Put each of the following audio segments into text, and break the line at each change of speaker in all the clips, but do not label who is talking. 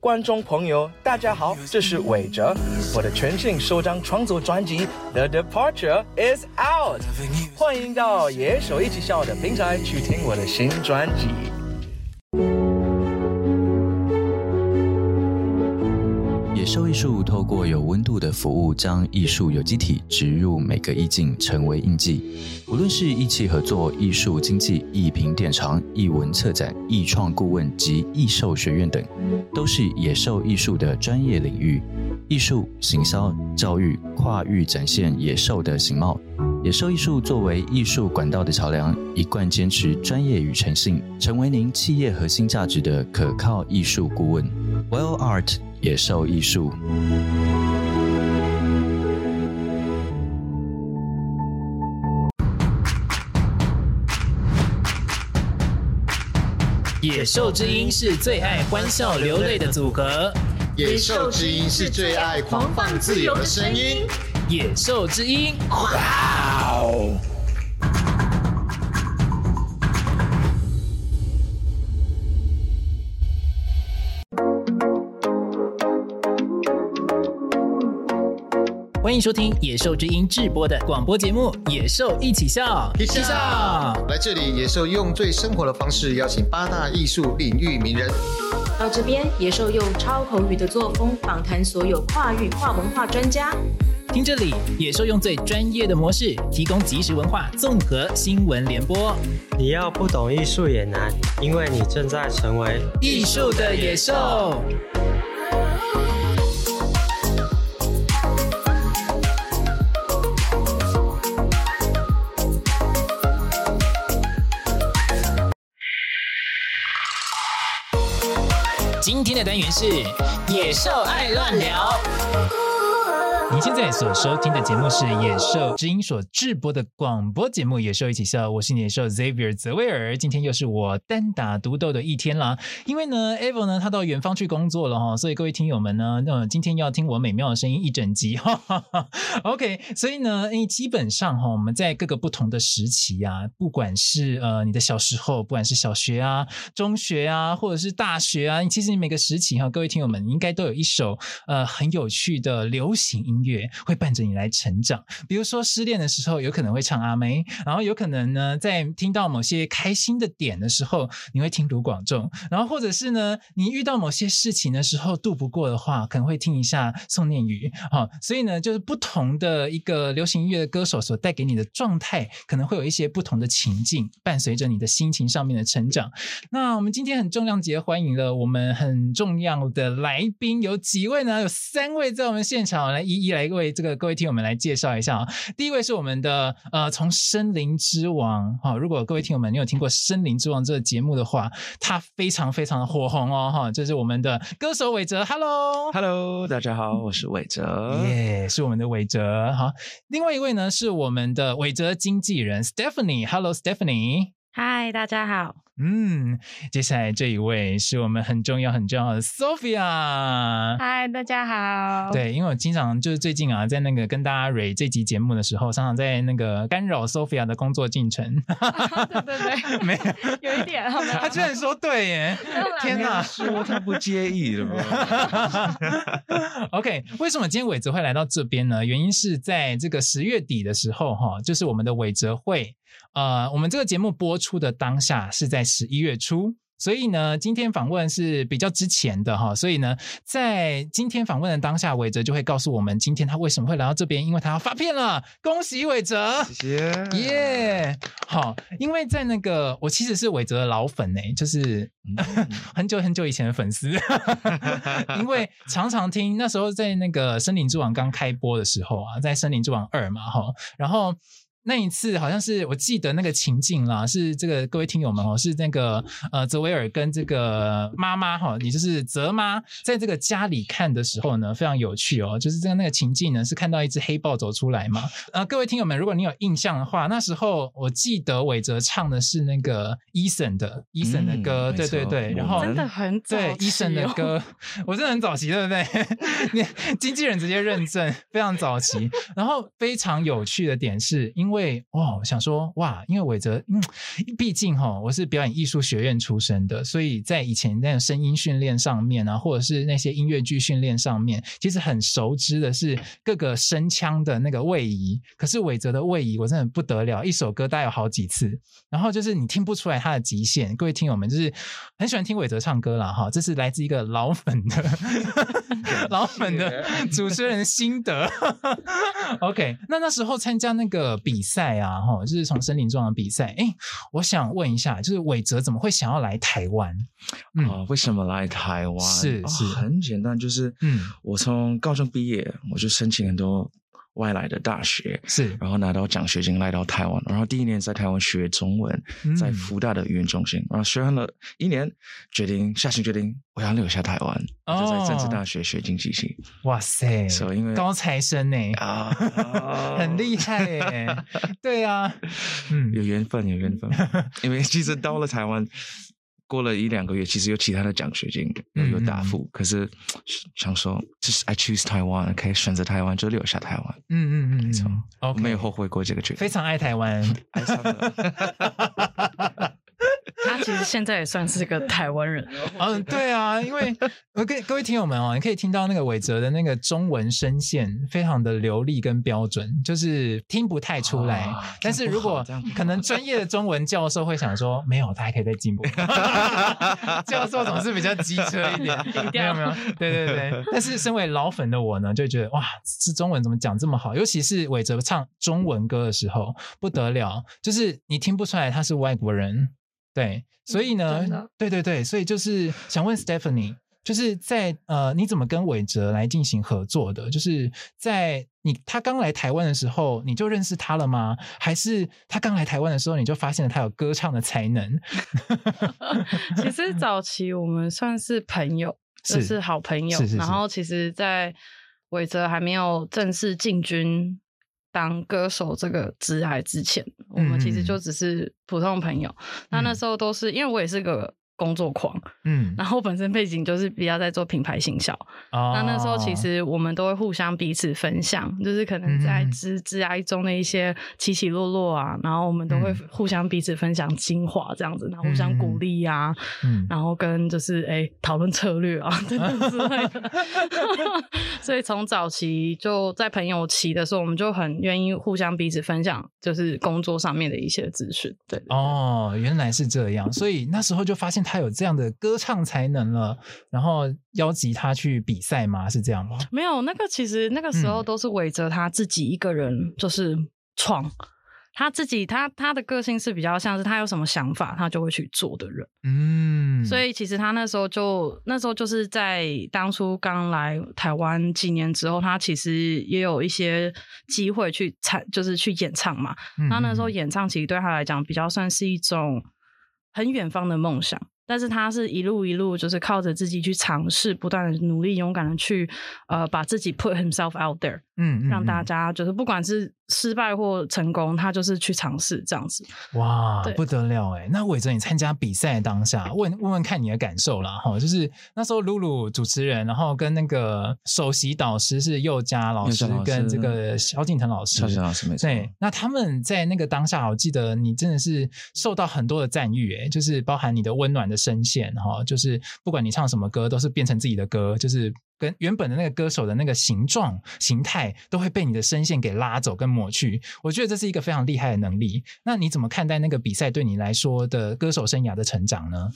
觀眾朋友，大家好，這是韋喆，我的全新首張創作專輯《The Departure Is Out》，歡迎到野獸一起笑的平台去聽我的新專輯。
獸藝術透過有溫度的服務，將藝術有機體植入每個意境，成為印記。無論是藝氣合作、藝術經濟、藝品店長、藝文策展、藝創顧問及藝獸學院等，都是野獸藝術的專業領域。藝術行銷、教育、跨域展現野獸的形貌。野獸藝術作為藝術管道的橋梁，一貫堅持專業與誠信，成為您企業核心價值的可靠藝術顧問。Wild Art 野獸藝術。
野獸之音是最愛歡笑流淚的組合，野獸之音是最愛狂放自由的聲音。野獸之音，wow! 歡迎收聽野獸之音製播的廣播節目《野獸一起笑》，一起笑！來這裡，野獸
用最生活的方式邀請八大藝術領域名人。
到這邊，野獸用超口語的作風訪談所有跨域跨文化專家。聽這裡，
野獸用最專業的模式提供即時文化綜合新聞聯播。你要不懂藝術也難，因為你正在成為
藝術的野獸。野獸今天的單元是《野獸愛亂聊》。你現在所收聽的節目是野獸之音所製播的廣播節目《野獸一起笑》，我是野獸 Xavier 澤維爾。今天又是我單打獨鬥的一天啦，因為呢 Avo 呢他到遠方去工作了哈，所以各位聽友們呢，那、呃、今天要聽我美妙的聲音一整集哈，哈，哈，哈。OK，所以呢，因為基本上哈，我們在各個不同的時期呀、啊，不管是呃你的小時候，不管是小學啊、中學啊，或者是大學啊，其實你每個時期哈、啊，各位聽友們應該都有一首呃很有趣的流行。音。音樂會伴着你來成長，比如說失戀的時候，有可能會唱阿妹，然後有可能呢，在聽到某些開心的點的時候，你會聽盧廣仲，然後或者是呢，你遇到某些事情的時候度不過的話，可能會聽一下宋念宇，啊、哦，所以呢，就是不同的一個流行音樂的歌手所帶給你的狀態，可能會有一些不同的情境，伴隨着你的心情上面的成長。那我們今天很重量級的歡迎了我們很重要的來賓，有幾位呢？有三位在我們現場來一一，來各位，這個各位聽友們來介紹一下啊、哦。第一位是我們的呃，從《聲林之王》哈、哦，如果各位聽友們你有聽過《聲林之王》這個節目的話，他非常非常的火紅哦哈。這、哦就是我們的歌手韋喆哈嘍哈嘍，Hello, 大家好，我是韋喆，耶、yeah, 哦，是我們的韋喆哈。另外一位呢是我們的韋喆經紀人 Hello, Stephanie! Stephanie 哈嘍 Stephanie
嗨，
大家好。
嗯，接下來這一位是我們很重要很重要的 Sophia。
嗨，大家好。對，
因為我經常就是最近啊，在那個跟大家錄這集節目的時候，常常在那個干擾 Sophia 的工作進程。啊、
對對對，
沒有，
有一點。好好他居然
說對耶！ 天哪，說 他不介意了。 OK，為什麼今天韋喆會來到這邊呢？原因是在這個十月底的時候，哈、哦，就是我們的韋喆會。呃，我們這個節目播出的當下是在十一月初，所以呢，今天訪問是比較之前的哈。所以呢，在今天訪問的當下，韋喆就會告訴我們今天他為什麼會來到這邊，因為他要發片了。恭喜韋喆！謝謝耶！Yeah! 好，因為在那個我其實是韋喆的老粉哎、欸，就是嗯嗯 很久很久以前的粉絲 ，
因為
常常聽那時候在那個《聲林之王》剛開播的時候啊，在《聲林之王2》嘛哈，然後。那一次好像是我記得那個情境啦，是這個各位聽友們哦、喔，是那個呃澤維爾跟這個媽媽哈，也就是澤媽，在這個家裡看的時候呢，非常有趣哦、喔，就是這個那個情境呢是看到一隻黑豹走出來嘛啊、呃，各位聽友們，如果你有印象的話，那時候我記得韋喆唱的是那個伊、e、森的伊森、嗯 e、的歌，嗯、對對對，錯然後真的
很早期、哦、對伊森的歌，
我真的很早期，對不對？你 經紀人直接認證， 非常早期，然後非常有趣的點是因。因為哦，哇想說哇，因為韋喆，嗯，畢竟哈，我是表演藝術學院出身的，所以在以前那種聲音訓練上面啊，或者是那些音樂劇訓練上面，其實很熟知的是各個聲腔的那個位移。可是韋喆的位移，我真的不得了，一首歌大概有好幾次。然後就是你聽不出來他的極限。各位聽友們，就是很喜歡聽韋喆唱歌了哈，這是來自一個老粉的 Yeah. 老粉的主持人心得。 OK，那那時候參加那個比。比賽啊，哈，就是聲林之王的比賽。哎，我想問一下，
就是韋喆怎麼會想要來台灣？嗯、呃，為什麼來台灣？是是，哦，很簡單，就是嗯，我從高中畢業，我就申請很多。外來的大學是，然後拿到獎學金來到台灣，然後第一年在台灣學中文，在輔大的語言中心，嗯、然後學完了一年，決定下旬決定，我要留下台灣，
哦、就在政治大
學學經濟系。哇塞、嗯，所以因為高
材生哎啊，哦、 很厲害哎， 對啊，嗯，
有緣分有緣分， 因為其實到了台灣。過了一兩個月，其實有其他的獎學金有，有答覆，嗯、可是想說就是 I choose Taiwan，okay? 可以選擇台灣，就留下台灣。嗯嗯嗯，沒錯，沒有後悔過這個決定，
非常愛台灣。
其實現在也算是個台灣人。嗯、嗯，對啊，因為我跟各位
聽友們哦，你可以聽到那個韋喆的那個中文聲線非常的流利跟標準，就是聽不太出來。啊、但是如果可能專業的中文教授會想說， 沒有，他還可以再進步。
教授總是比較機車一點， 沒有沒有，
對對對。 但
是身為老粉的我呢，就覺得哇，這中文怎麼講這麼好？尤其是韋喆唱中文歌的時候不得了，就是你聽不出來他是外國人。對，所以呢，對對對，所以就是想問 Stephanie，就是在呃，你怎麼跟韋喆來進行合作的？就是在你他剛來台灣的時候，你就認識他了嗎？還是他剛來台灣的時候，你就發現了他有歌唱的才能？
其實早期我們算是朋友，就是好朋友。是是是，然後其實，在韋喆還沒有正式進軍。當歌手這個職涯之前，我們其實就只是普通朋友。嗯，那那時候都是因為我也是個工作狂，嗯，然後本身背景就是比較在做品牌形象，哦、那那時候其實我們都會互相彼此分享，就是可能在知知哀、啊嗯、中的一些起起落落啊，然後我們都會互相彼此分享精華這樣子，嗯、然後互相鼓勵啊，嗯，然後跟就是哎討論策略啊、嗯、等等之類的， 所以從早期就在朋友期的時候，我們就很願意互相彼此分享，就是工作上面的一些資訊。對，
對，哦，原來是這樣，所以那時候就發現他。他有這樣的歌唱才能了，然後邀集他去比賽嗎？是這樣嗎？
沒有，那個其實那個時候都是韋喆他自己一個人就是創，他自己他他的個性是比較像是他有什麼想法，他就會去做的人。嗯，所以其實他那時候就那時候就是在當初剛來台灣幾年之後，他其實也有一些機會去唱，就是去演唱嘛。他那時候演唱其實對他來講比較算是一種很遠方的夢想。但是他是一路一路就是靠着自己去嘗試，不斷的努力，勇敢的去呃把自己 put himself out there，嗯，嗯讓大家就是不管是失敗或成功，他就是去嘗試這樣子。
哇，對不得了哎、欸！那韋喆，你參加比賽當下問問問看你的感受啦。哈，就是那時候露露主持人，然後跟那個首席導師是宥嘉老師跟這個蕭敬騰
老師，老師
對，那他們在那個當下，我記得你真的是受到很多的讚譽哎，就是包含你的溫暖的。聲線哈，就是不管你唱什麼歌，都是變成自己的歌，就是跟原本的那個歌手的那個形狀、形態都會被你的聲線給拉走跟抹
去。我覺得這是一個
非常厲害的能力。那你怎麼看待那個比賽對你來說的歌手生涯的成長呢？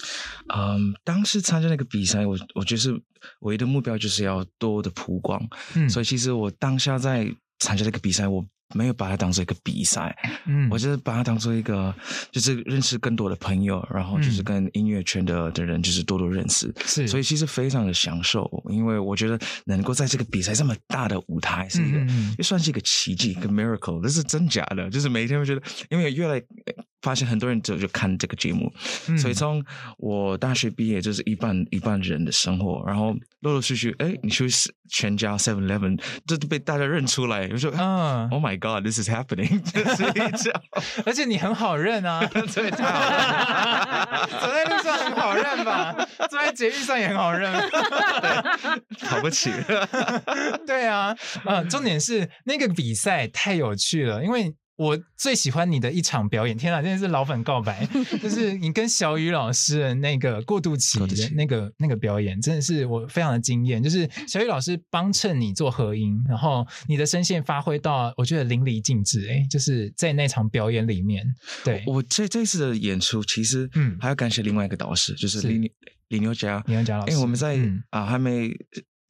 嗯，
當時參加那個比賽，我我覺得是唯一的目標就是要多的曝光。嗯，所以其實我當下在參加這個比賽，我。沒有把它當成一個比賽，嗯、我就是把它當成一個，就是認識更多的朋友，然後就是跟音樂圈的的人就是多多認識，是所以其實非常的享受，因為我覺得能夠在這個比賽這麼大的舞台是一個，也、嗯嗯嗯、算是一個奇蹟，一個 miracle，這是真假的，就是每天會覺得，因為越來。發現很多人走就看這個節目，嗯、所以從我大學畢業就是一般一般人的生活，然後陸陸續續，哎，你去全家 Seven Eleven，就被大家認出來，我就說，啊，Oh my God，This is happening，就是
這
樣，而且你很好認啊， 對，太好認了， 走在路上很好認吧， 坐在捷運上也很好認， 跑不起 對啊、呃，重點是那個比賽太有趣了，因為。我最喜歡你的一場表演，天啊，真的是老粉告白， 就是你跟小雨老師的那個過渡期的那個、那個、那個表演，真的是我非常的驚艷。就是小雨老師幫襯你做合音，然後你的聲線發揮到我覺得淋漓盡致。哎、欸，就是在那場表演裡面，
對，我，我這這次的演出其實嗯，還要感謝另外一個導師，嗯、就是李是林宥嘉，林宥嘉老師，因為、欸、我們在、嗯、啊還沒。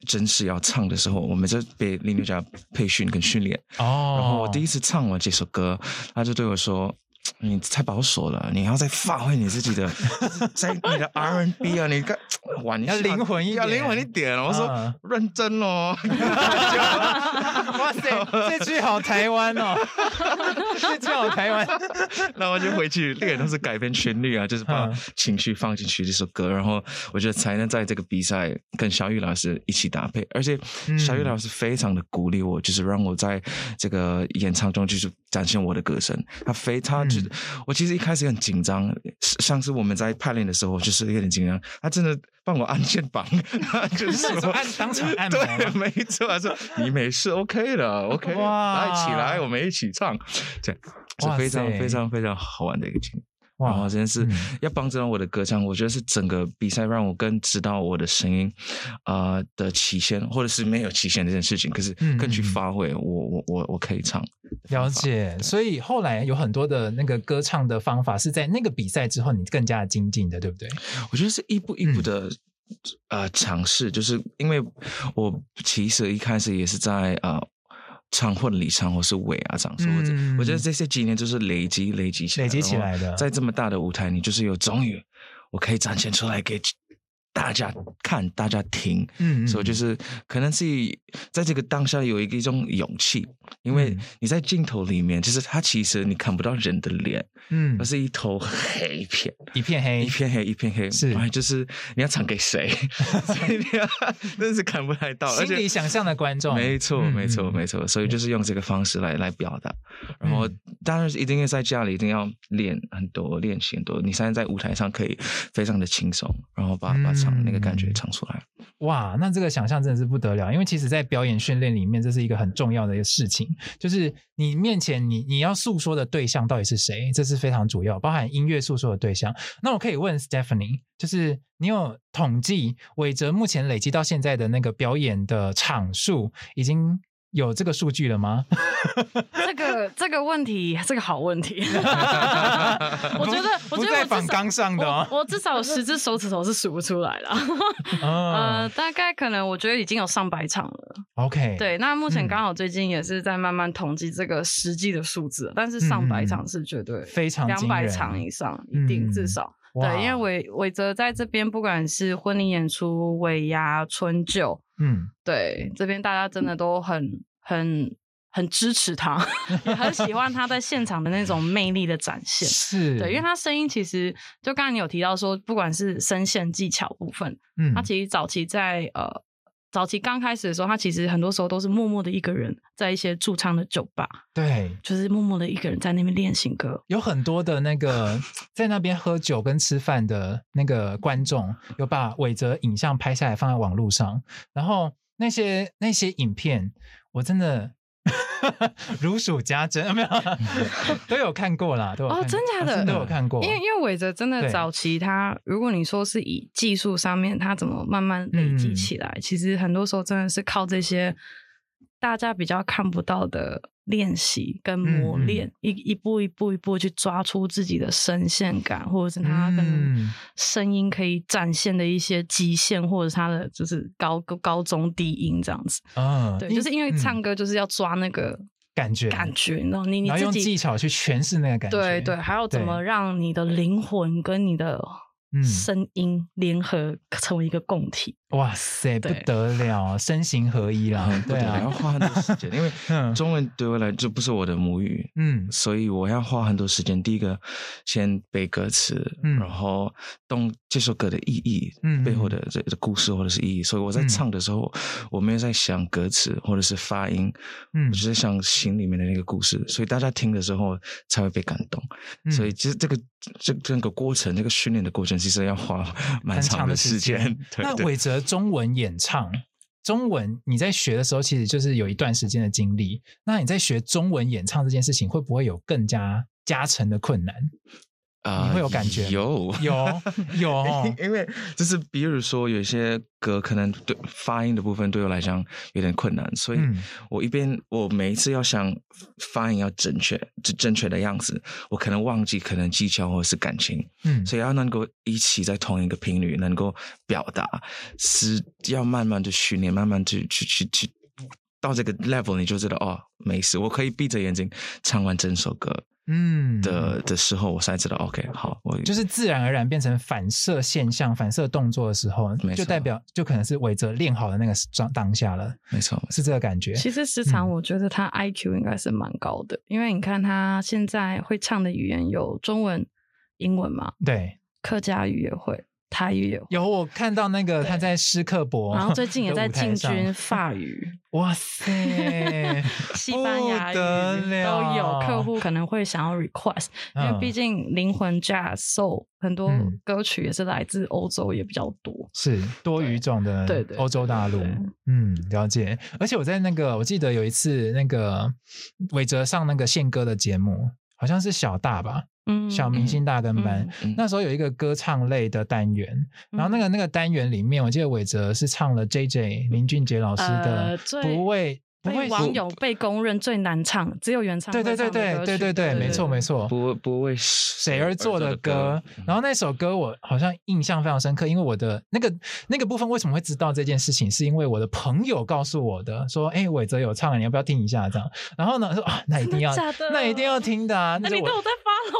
真是要唱的時候，我們就被林宥嘉培訓跟訓練。哦
，oh. 然後我第
一次唱完這首歌，他就對我說：“你太保守了，你要再發揮你自己的， 在你的 R&B 啊，你看。”玩一下要靈魂一點，要靈魂一點。我說、uh. 認真哦， 哇塞， 這句好台灣哦，這句好台灣。然後我就回去，那個都是改編旋律啊，就是把情緒放進去這首歌。嗯、然後我覺得才能在這個比賽跟小雨老師一起搭配。而且小雨老師非常的鼓勵我，就是讓我在這個演唱中就是展現我的歌聲。他非常，就是、嗯、我，其實一開始很緊張。上次我們在排練的時候，我就是有點緊張。他真的。幫我按肩膀，就是當場按，當場按，對，沒錯，他說你沒事，OK 的，OK，Wow. 來起來，我們一起唱，這樣，是非常非常非常好玩的一個劇。哇！真、嗯、是要幫助到我的歌唱，我覺得是整個比賽讓我更知道我的聲音啊、呃、的極限，或者是沒有極限，這件事情，可是更去發揮、嗯、我我我我可以唱。
了解，所以後來有很多的那個歌唱的方法，是在那個比賽之後你更
加精進的，對不對？我覺得是一步一步的、嗯、呃嘗試，就是因為我其實一開始也是在啊。呃唱婚禮唱，或是尾牙唱，或者我覺得這些幾年就是累積累積起來，累積起來的，來的在這麼大的舞台，你就是有終於我可以展現出來，給大家看，大家聽，嗯，嗯，嗯，所以就是可能是在這個當下有一個一種勇氣。因為你在鏡頭裡面，其實它其實你看不到人的臉，嗯，而是一頭黑片，一片黑，一片黑，一片黑，是，就是你要唱給誰？真是看不太到，而且你想象的觀眾，沒錯，沒錯，沒錯。所以就是用這個方式來來表達。然後當然是一定要在家裡，一定要練很多，練習很多。你現在在舞台上可以非常的輕鬆，然後把把唱那個感覺唱出來。
哇，那這個想象真的是不得了，因為其實在表演訓練裡面，這是一個很重要的一個事情，就是你面前你你要訴說的對象到底是誰，這是非常主要，包含音樂訴說的對象。那我可以問 Stephanie，就是你有統計韋喆目前累積到現在的那個表演的場數已經？有這個數據了嗎？
這個這個問題是、這個好問題。 我覺得，不我覺得我至少剛
上的、啊、我,我
至少十只手指頭是數不出來了。 oh. 呃，大概可能我覺得已經有上百場了。OK，對，那目前剛好最近也是在慢慢統計這個實際的數字，嗯、但是上百場是絕對、嗯、非常兩百場以上、嗯、一定至少哇對，因為韋韋喆在這邊不管是婚禮演出、尾牙、春酒。嗯，對，這邊大家真的都很很很支持他，也很喜歡他在現場的那種魅力的展現。 是，對，因為他聲音其實就剛才你有提到說，不管是聲線技巧的部分，嗯，他其實早期在呃。早期剛開始的時候，他其實很多時候都是默默的一個人，在一些駐唱的酒吧，對，就是默默的一個人在那邊練新歌。
有很多的那個 在那邊喝酒跟吃飯的那個觀眾，有把韋喆影像拍下來放在網絡上，然後那些那些影片，我真的。 如數家珍，沒有？ 都有看過了，哦，真假的，都有看過。因為
因為韋喆真的早期他，對如果你說是以技術上面，他怎麼慢慢累積起來，嗯、其實很多時候真的是靠這些。大家比較看不到的練習跟磨練，嗯、一一步一步一步去抓出自己的聲線感，或者是他的聲音可以展現的一些極限，或者他的就是高高中低音這樣子啊。
嗯、對，就是因
為唱歌就是要抓那個感覺，感覺，然後你你要用技
巧去詮釋那個感覺，對對，還要怎麼
讓你的靈魂跟你的。聲音聯合成為一個共體，
哇塞，對不得了，身形合一了。對啊， 要花很多時間，
因為中文對我來說不是我的母語，嗯，所以我要花很多時間。第一個，先背歌詞，嗯、然後懂這首歌的意義，嗯，背後的這個故事或者是意義。所以我在唱的時候，嗯、我沒有在想歌詞或者是發音，嗯，我只是想心裡面的那個故事，所以大家聽的時候才會被感動。嗯、所以其實這個。這整個過程，那、這個訓練的過程，其實要花蠻長的時間。那韋
喆，中文演唱，中文你在學的時候，其實就是有一段時間的經歷。那你在學中文演唱這件事情，會不會有更加加成的困難？
啊，你會有感覺、呃，有有有，因為 就是，比如說，有些歌可能對發音的部分對我來講有點困難，所以我一邊、嗯、我每一次要想發音要準確，正確的樣子，我可能忘記可能技巧或是感情，嗯，所以要能夠一起在同一個頻率能夠表達，是要慢慢的訓練，慢慢的去去去去到這個 level，你就知道哦，沒事，我可以閉着眼睛唱完整首歌。嗯的的時候，我才知道。OK，好，我就是
自然而然變成反射現象、反射動作的時候，錯就代表就可能是韋喆練好的那個當當下了。沒錯錯，是這個感覺。其實時常
我覺得他 IQ 應該是蠻高的，嗯、因為你看他現在會唱的語言有中文、英文嘛，對，客家語也會。他也有
有，我看到那個他在斯克伯，然後最近也在進軍
法語。 哇塞， 西班牙語都有客戶可能會想要 request、嗯、因為畢竟靈魂 jazz，soul 很多歌曲也是來自歐洲，也比較多，
是、嗯、對多語種的。對，對對，歐洲大陸，嗯，了解。而且我在那個，我記得有一次那個韋喆上那個憲哥的節目。好像是小大吧，嗯、小明星大跟班。嗯嗯嗯、那時候有一個歌唱類的單元，嗯、然後那個那個單元裡面，我記得韋喆是唱了 J J 林俊傑老師的《不為》
呃。被網友被公認最難唱，我只有原唱對對對對對對對，沒錯
沒錯，不不為誰而作的歌。的歌，然後那首歌我好像印象非常深刻，因為我的那個那個部分為什麼會知道這件事情，是因為我的朋友告訴我的，說哎韋，欸、喆有唱，你要不要聽一下這樣？然後呢說啊那一定要，的，的那一定要聽的啊！那、欸、你都有對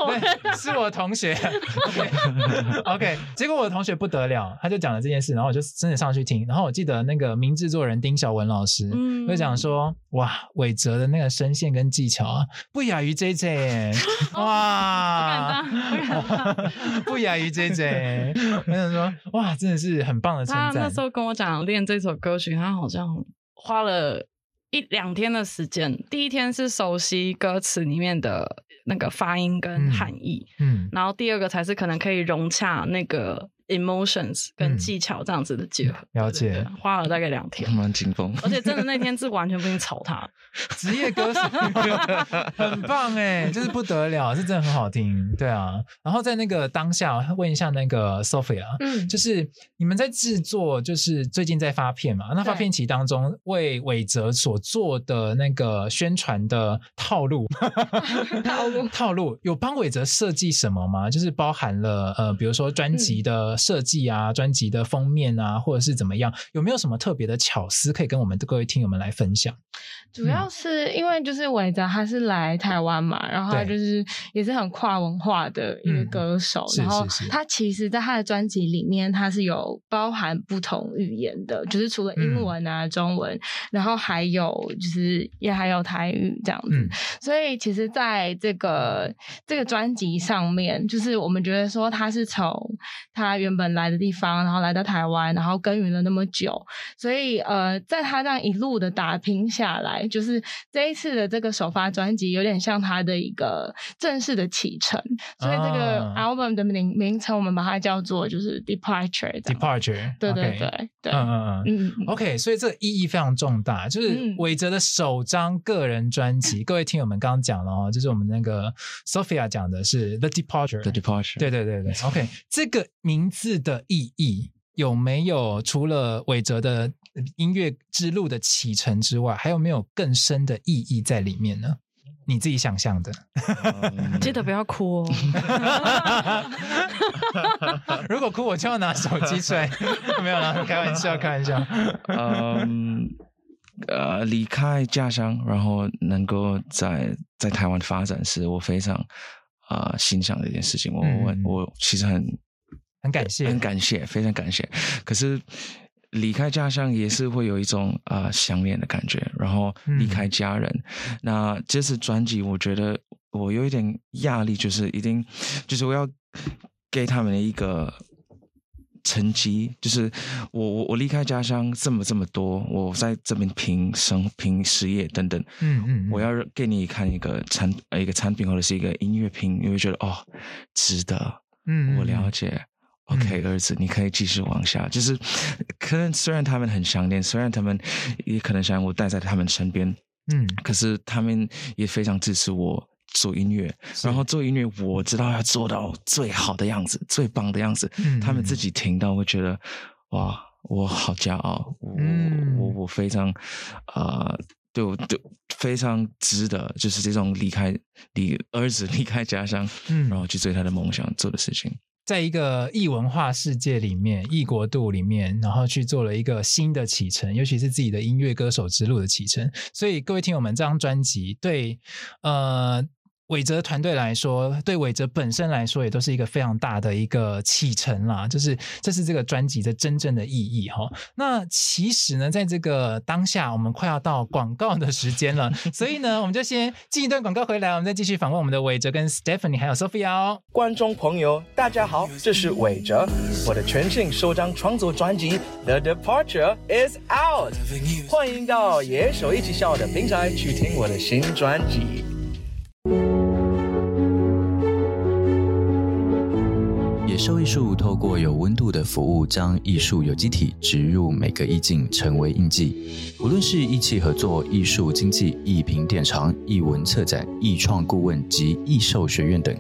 我在 follow，是我的同學。 okay, OK，結果我的同學不得了，他就講了這件事，然後我就真的上去聽。然後我記得那個名制作人丁曉雯老師，會、嗯、講說。說哇，韋喆的那個聲線跟技巧啊，不亞於 JJ， 哇， 不敢當，不敢當，不亞 於 JJ。我想 說哇，真的是很棒的稱讚。他那時候
跟我講，練這首歌曲，他好像花了一兩天的時間。第一天是熟悉歌詞裡面的。那個發音跟含義，嗯，嗯然後第二個才是可能可以融洽那個 emotions 跟技巧這樣子的結合。嗯、了解，對對，花了大概兩天，
蠻輕鬆。而且真
的那天是完全不用吵他，職業歌手， 很棒哎、欸，
就是不得了，這 真的很好聽，對啊。然後在那個當下，問一下那個 Sophia，嗯，就是你們在制作，就是最近在發片嘛？對那發片期當中為韋喆所做的那個宣傳的套路。 套路有幫韋喆設計什麼嗎？就是包含了呃，比如說專輯的設計啊，專輯、嗯、的封面啊，或者是怎麼樣，有沒有什麼特別的巧思可以跟我們的各位聽友們來分享？
主要是、嗯、因為就是韋喆他是來台灣嘛，然後他就是也是很跨文化的一個歌手，嗯、是是是，然後他其實，在他的專輯裡面，他是有包含不同語言的，就是除了英文啊、嗯、中文，然後還有就是也還有台語這樣子，嗯、所以其實在這個。呃、這個，這個專輯上面，就是我們覺得說他是從他原本來的地方，然後來到台灣，然後耕耘了那麼久，所以呃，在他這樣一路的打拼下來，就是這一次的這個首發專輯，有點像他的一個正式的啟程，所以這個 album 的名、uh, 名稱我們把它叫做就是 Departure Departure 對對
對 okay, 對 uh uh uh, 嗯嗯嗯嗯 OK，所以這個意義非常重大，就是韋喆的首張個人專輯，嗯、各位聽友們剛剛講了哦，就是我們那個。Sophia 講的是 The Departure。The Departure。對對對對，OK， 這個名字的意義有沒有除了韋喆的音樂之路的啟程之外，還有沒有更深的意義在裡面呢？你自己想
象的，um, 記得不要哭哦。
如果哭，我就要拿手機吹。 沒有了，開玩笑，開玩笑。嗯。Um,
呃，離開家鄉，然後能夠在在台灣發展，是我非常啊、呃、欣賞的一件事情。嗯、我我其實很很感謝、呃，很感謝，非常感謝。可是離開家鄉也是會有一種啊、呃、想念的感覺。然後離開家人，嗯、那這次專輯，我覺得我有一點壓力，就是一定就是我要給他們的一個成績就是我我我離開家鄉這麼這麼多，我在這邊拼生拼事業等等，嗯嗯，嗯嗯我要給你看一個產呃一個產品或者是一個音樂品，你會覺得哦值得，嗯，嗯我了解、嗯、OK 兒子，你可以繼續往下，嗯、就是可能雖然他們很想念，雖然他們也可能想我待在他們身邊，嗯，可是他們也非常支持我。做音樂，是然後做音樂，我知道要做到最好的樣子，最棒的樣子。嗯、他們自己聽到會覺得，嗯、哇，我好驕傲，嗯、我我我非常，呃，就就非常值得，就是這種離開離兒子離開家鄉，嗯、然後去追他的夢想做的事情，
在一個異文化世界裡面，異國度裡面，然後去做了一個新的啟程，尤其是自己的音樂歌手之路的啟程。所以，各位聽友們，這張專輯對，呃。韋喆團隊來說，對韋喆本身來說，也都是一個非常大的一個啟程啦，就是這是這個專輯的真正的意義哈。那其實呢，在這個當下，我們快要到廣告的時間了， 所以呢，我們就先進一段廣告回來，我們再繼續訪問我們的韋喆跟 Stephanie 還有 Sophia、哦。
觀眾朋友，大家好，這是韋喆，我的全新首張創作專輯《The Departure Is Out》，歡迎到野手一起笑的平台去聽我的新專輯。
野獸藝術透過有溫度的服務，將藝術有機體植入每個意境，成為印記。無論是藝企合作、藝術經濟、藝評殿堂、藝文策展、藝創顧問及藝獸學院等，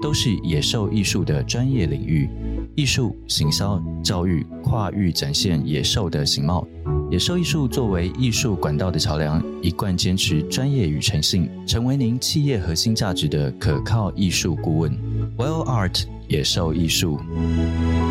都是野獸藝術的專業領域。藝術、行銷、教育、跨域展現野獸的形貌。野獸藝術作為藝術管道的橋樑，一貫堅持專業與誠信，成為您企業核心價值的可靠藝術顧問。Well Art 野獸藝術。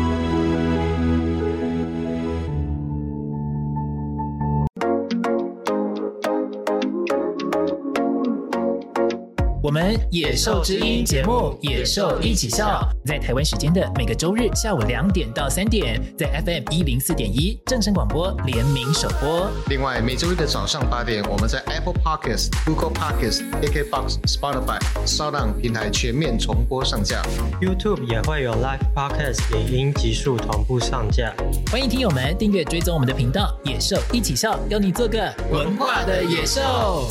《野獸之音》節目《野獸一起笑》，笑在台灣時間的每個周日下午兩點到三點，在 FM 一零四點一正聲廣播聯名首播。
另外，每周一的早上八點，我們在 Apple p o c k s t s Google p o c k s t s A K Box、Spotify、s o d On 平台全面重播上架。YouTube 也會有 Live p o c k s t 語音極速同步上架。歡迎聽友們訂閱追蹤我們的頻道《野獸一起
笑》，邀你做個文化的野獸。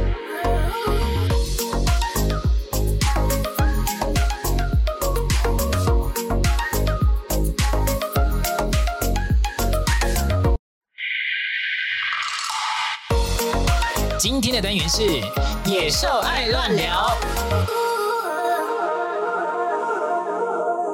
今天的單元是《野獸愛亂聊》。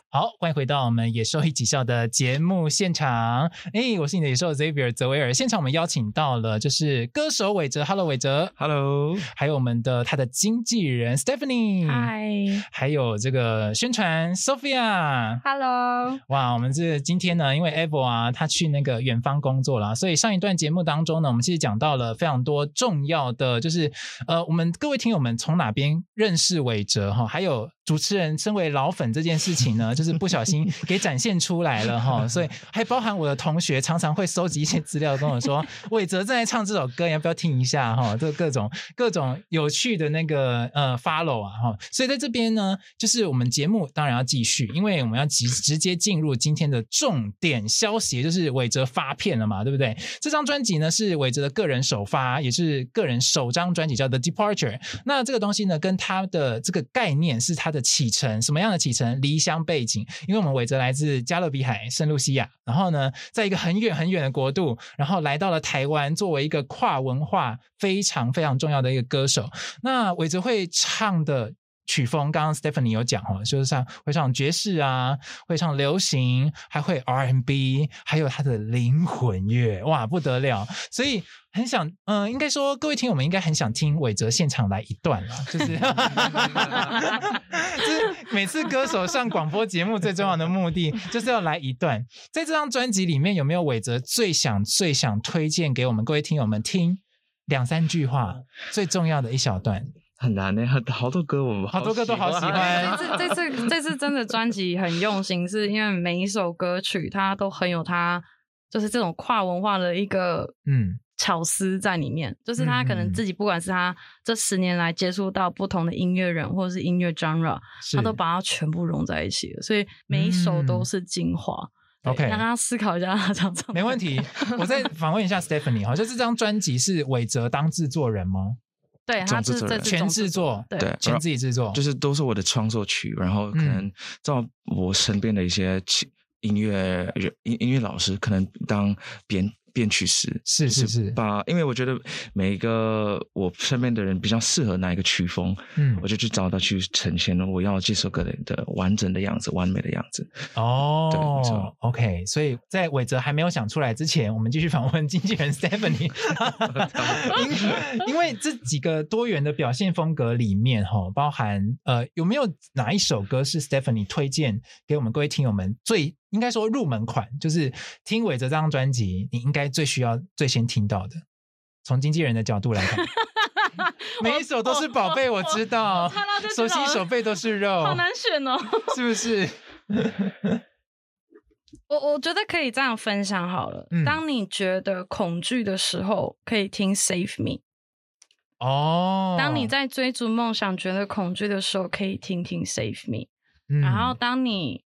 好，歡迎回到我們野獸愛亂聊的節目現場。誒、欸、我是你的野獸 Xavier 澤維爾。現場我們邀請到了，就是歌手韋喆。Hello，韋喆。Hello，還有我們的他的經紀人 Stephanie。Hi. 還有這個宣傳 Sophia。Hello，哇，我們這今天呢，因為 Avo 啊，他去那個遠方工作了，所以上一段節目當中呢，我們其實講到了非常多重要的，就是呃，我們各位聽友們從哪邊認識韋喆哈，還有。主持人身為老粉這件事情呢，就是不小心給展現出來了哈、 哦，所以還包含我的同學常常會收集一些資料跟我說，韋喆正在唱這首歌，要不要聽一下哈？這、哦、各種各種有趣的那個呃 follow 啊哈、哦，所以在這邊呢，就是我們節目當然要繼續，因為我們要直直接進入今天的重點消息，就是韋喆發片了嘛，對不對？這張專輯呢是韋喆的個人首發，也是個人首張專輯，叫 The Departure。那這個東西呢，跟他的這個概念是他的。啟程，什麼樣的啟程？離鄉背景，因為我們韋喆來自加勒比海聖露西亞，然後呢，在一個很遠很遠的國度，然後來到了台灣，作為一個跨文化非常非常重要的一個歌手，那韋喆會唱的。曲風，剛剛 Stephanie 有講哦，就是像會唱爵士啊，會唱流行，還會 R&B，還有他的靈魂樂，哇，不得了！所以很想，嗯、呃，應該說各位聽友，我們應該很想聽韋喆現場來一段了，就是， 就是每次歌手上廣播節目最重要的目的，就是要來一段。在這張專輯裡面，有沒有韋喆最想、最想推薦給我們各位聽友們聽兩三句話，最重要的一小段？
很難呢、欸，好多歌我們好，好多歌都好喜
歡。 這次這次這次真的專輯很用心，是因為每一首歌曲它都很有它，就是這種跨文化的一個嗯，巧思在裡面。嗯、就是他可能自己不管是他這十年來接觸到不同的音樂人或者是音樂 genre，他是都把它全部融在一起了，所以每一首都是精華。OK，讓大家思考一下，他怎麼沒問題。 我再
訪問一下 Stephanie 哈，哦，就是、這張專輯是韋喆當制作人嗎？對，他是全製作，對，全自己
製作，就是都是我的創作曲，然後可能照我身邊的一些音樂音、嗯、音樂老師，可能當編。變曲式是是是，是把因為我覺得每一個我身邊的人比較適合哪一個曲風，嗯，我就去找他去呈現了我要這首歌的的完整的樣子，完美的樣子。
哦，對沒錯錯，OK。所以在韋喆還沒有想出來之前，我們繼續訪問經紀人 Stephanie。 因為這幾個多元的表現風格裡面，哈，包含呃，有沒有哪一首歌是 Stephanie 推薦給我們各位聽友們最？應該說入門款，就是聽韋喆這張專輯，你應該最需要最先聽到的。從經紀人的角度來看， 我每一首都是寶貝，我知道，手心手背都是肉， 好難選哦， 是不是？
我我覺得可以這樣分享好了。嗯、當你覺得恐懼的時候，可以聽《Save Me》。
哦，當你
在追逐夢想覺得恐懼的時候，可以聽聽《Save Me》嗯。然後當你。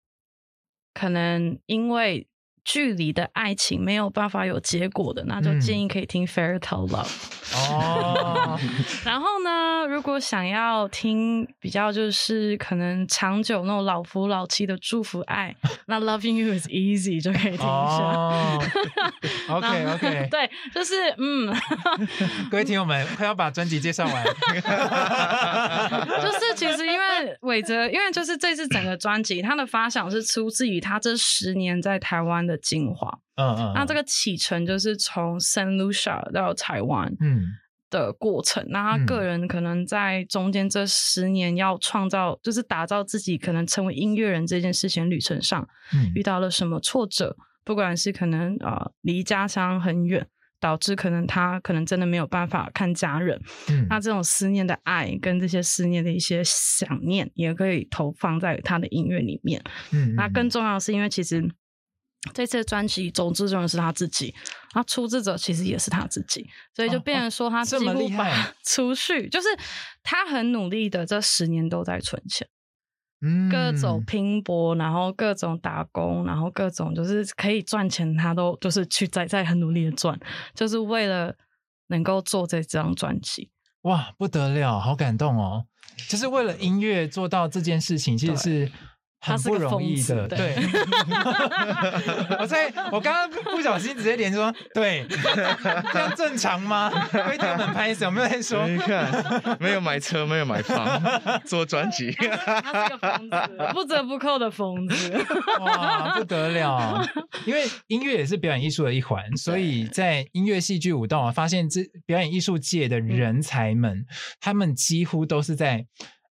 可能因為。距離的愛情沒有辦法有結果的，那就建議可以聽《Fairytale Love》嗯。 哦。 然後呢，如果想要聽比較就是可能長久那種老夫老妻的祝福愛， 那《Loving You Is Easy》就可以聽一下。
哦。 呢 OK OK。對，
就是嗯，
各位聽友們，快要把專輯介紹完。 就是
其實因為韋喆，因為就是這次整個專輯，他的發想是出自於他這十年在台灣的。精華，嗯嗯，那這個啟程就是從 Saint Lucia 到台灣，嗯，的過程。嗯、那他個人可能在中間這十年要創造，嗯、就是打造自己可能成為音樂人這件事情旅程上，嗯、遇到了什麼挫折？不管是可能啊，離、呃、家鄉很遠，導致可能他可能真的沒有辦法看家人，嗯，那這種思念的愛跟這些思念的一些想念，也可以投放在他的音樂裡面，嗯，那更重要的是因為其實。這次的專輯，總之就是他自己，他、啊、出資者其實也是他自己，所以就變成說他、哦、這麼厲害，儲蓄 就是他很努力的這十年都在存錢，嗯、各種拼搏，然後各種打工，然後各種就是可以賺錢，他都就是去在在很努力的賺，就是為了能夠做這張專輯，
哇，不得了，好感動哦，就是為了音樂做到這件事情，其實是。很不容易的，對。對 我在我剛剛不小心直接連說，對，這樣正常嗎？
因為 他們拍手，沒 有說。你看， 沒有買車， 沒有買房，做專輯。 他是個
瘋子，
不折不扣的瘋子。
哇，不得了！因為音樂也是表演藝術的一環，對所以在音樂、戲劇、舞蹈、啊，發現這表演藝術界的人才們，嗯、他們幾乎都是在。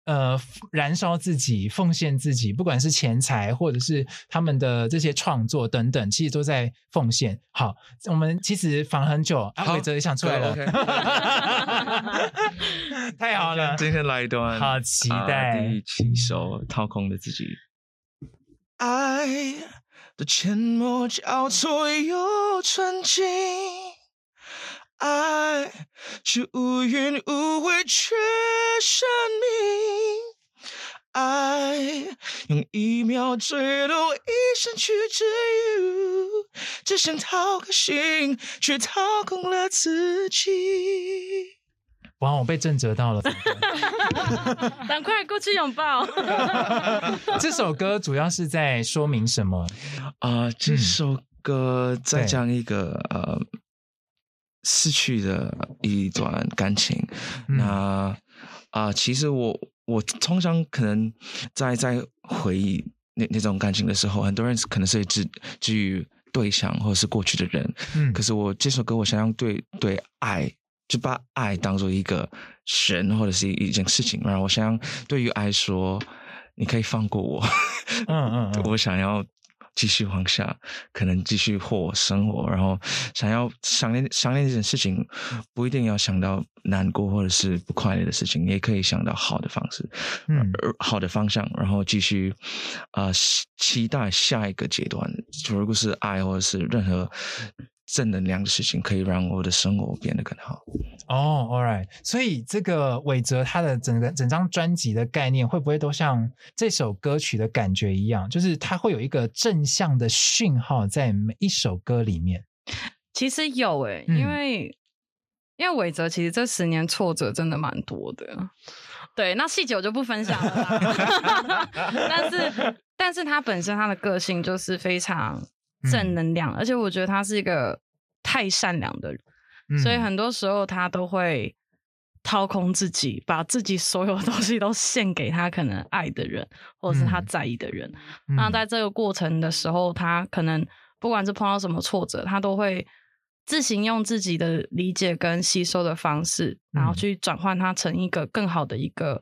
呃，燃燒自己，奉獻自己，不管是錢財或者是他們的這些創作等等，其實都在奉獻。好，我們其實訪很久，啊，韋喆也想出來了，
太好了，啊、今天來一段，好期待，親、啊、手掏空了自己，愛的阡陌交錯又純淨。愛是無怨無悔卻生命，愛用一秒墜落，一生去治癒，只想掏個心，
卻掏空了自己。
哇，我被震折到了！
趕 快過去擁抱。
這首歌主要是在說明什麼啊、呃？這首
歌在、嗯、講一個對呃。逝去的一段感情，那啊、嗯呃呃，其實我我通常可能在在回憶那那種感情的時候，很多人可能是基基於對象或者是過去的人，嗯、可是我這首歌，我想要對對愛，就把愛當做一個神或者是一件事情，然後我想要對於愛說，你可以放過我， 我想要。繼續往下，可能繼續我生活，然後想要想念想念這件事情，不一定要想到難過或者是不快樂的事情，也可以想到好的方式，嗯，好的方向，然後繼續啊，呃，期待下一個階段。就如果是愛，或者是任何。正能量的事情可以讓我的生活變得更好。
哦、oh，All right，所以這個韋喆他的整個整張專輯的概念會不會都像這首歌曲的感覺一樣？就是他會有一個正向的訊號在每一首歌裡面？
其實有誒、欸，因為、嗯、因為韋喆其實這十年挫折真的蠻多的。對，那細節我就不分享了啦。 但是，但是他本身他的個性就是非常，正能量，嗯、而且我覺得他是一個太善良的人，嗯、所以很多時候他都會掏空自己，把自己所有東西都獻給他可能愛的人，或者是他在意的人。嗯、那在這個過程的時候，他可能不管是碰到什麼挫折，他都會自行用自己的理解跟吸收的方式，然後去轉換他成一個更好的一個。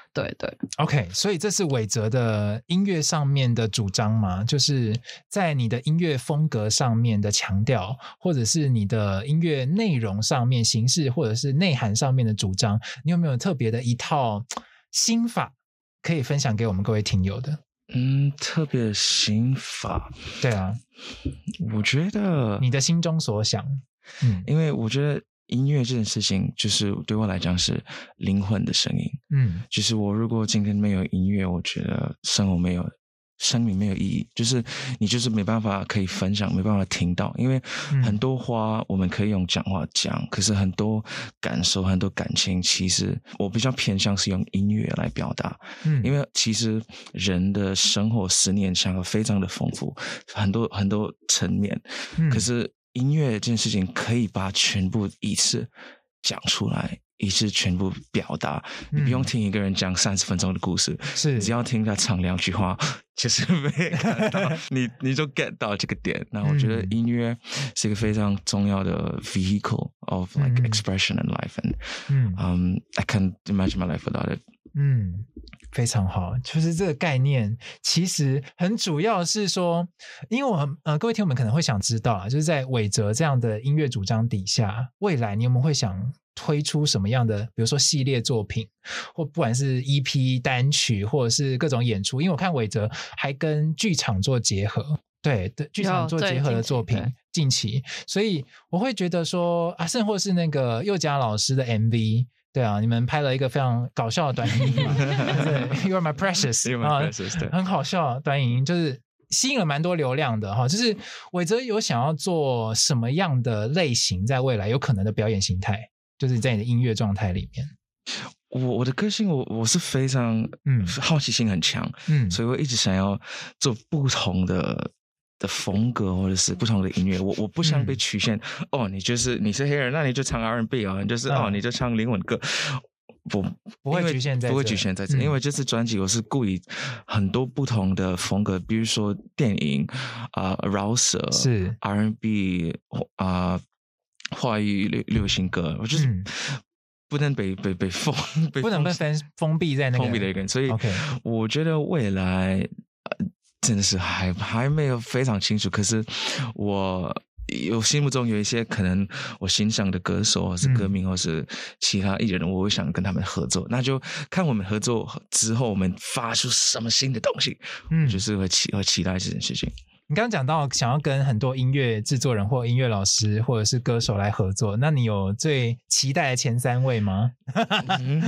對對
，OK，所以這是韋喆的音樂上面的主張嗎？就是在你的音樂風格上面的強調，或者是你的音樂內容上面、形式或者是內涵上面的主張，你有沒有特別的一套心法可以分享給我們各位
聽友的？嗯，特別心法，對啊，我覺得你的心中所想，嗯，因為我覺得。音樂這件事情，就是對我來講是靈魂的聲音。嗯，就是我如果今天沒有音樂，我覺得生活沒有，生命沒有意義。就是你就是沒辦法可以分享，沒辦法聽到，因為很多話我們可以用講話講，嗯、可是很多感受、很多感情，其實我比較偏向是用音樂來表達。嗯，因為其實人的生活思念上非常的豐富，很多很多層面。嗯、可是。音樂這件事情可以把全部一次講出來，一次全部表達。你不用聽一個人講三十分鐘的故事，是、嗯、只要聽他唱兩句話，是其實沒看到 你，你就 get 到這個點。那我覺得音樂是一個非常重要的 vehicle of like expression and life，and 嗯，I can't imagine my life without it。
嗯。非常好，就是這個概念，其實很主要是說，因為我很，呃，各位聽友們可能會想知道啊，就是在韋喆這樣的音樂主張底下，未來你有沒有會想推出什麼樣的，比如說系列作品，或不管是 EP 單曲，或者是各種演出，因為我看韋喆還跟劇場做結合，對有對，劇場做結合的作品，近期，近期，所以我會覺得說啊，甚或是那個宥嘉老師的 MV。對啊，你們拍了一個非常搞笑的短影音、音， 對、對，You are my precious，很好笑對短影音，就是吸引了蠻多流量的哈、哦。就是韋喆有想要做什麼樣的類型，在未來有可能的表演形態，就是在你的音樂狀態裡面。
我我的個性，我我是非常嗯好奇心很強嗯，所以我一直想要做不同的。的風格或者是不同的音樂，我我不想被局限。嗯、哦，你就是你是黑人，那你就唱 R&B 哦，你就是、嗯、哦，你就唱靈魂歌。不不會局
限在，不會局限在。這，嗯、因為
這次專輯我是故意很多不同的風格，比如說電影啊、呃、饒舌是 R&B 啊、華、呃、語流流行歌，我就是不能被、嗯、被被、被封，被封不能
被封封閉在那個、啊、封閉的一個。人。所以，
我覺得未來。Okay 真的是還還沒有非常清楚，可是我有心目中有一些可能我欣賞的歌手，或是歌迷，或是其他藝人，嗯、我會想跟他們合作。那就看我們合作之後，我們發出什麼新的東西。嗯，就是會期會期待這件事情。
你剛剛講到想要跟很多音樂製作人、或音樂老師，或者是歌手來合作，那你有最期待的前三位嗎？ 嗯、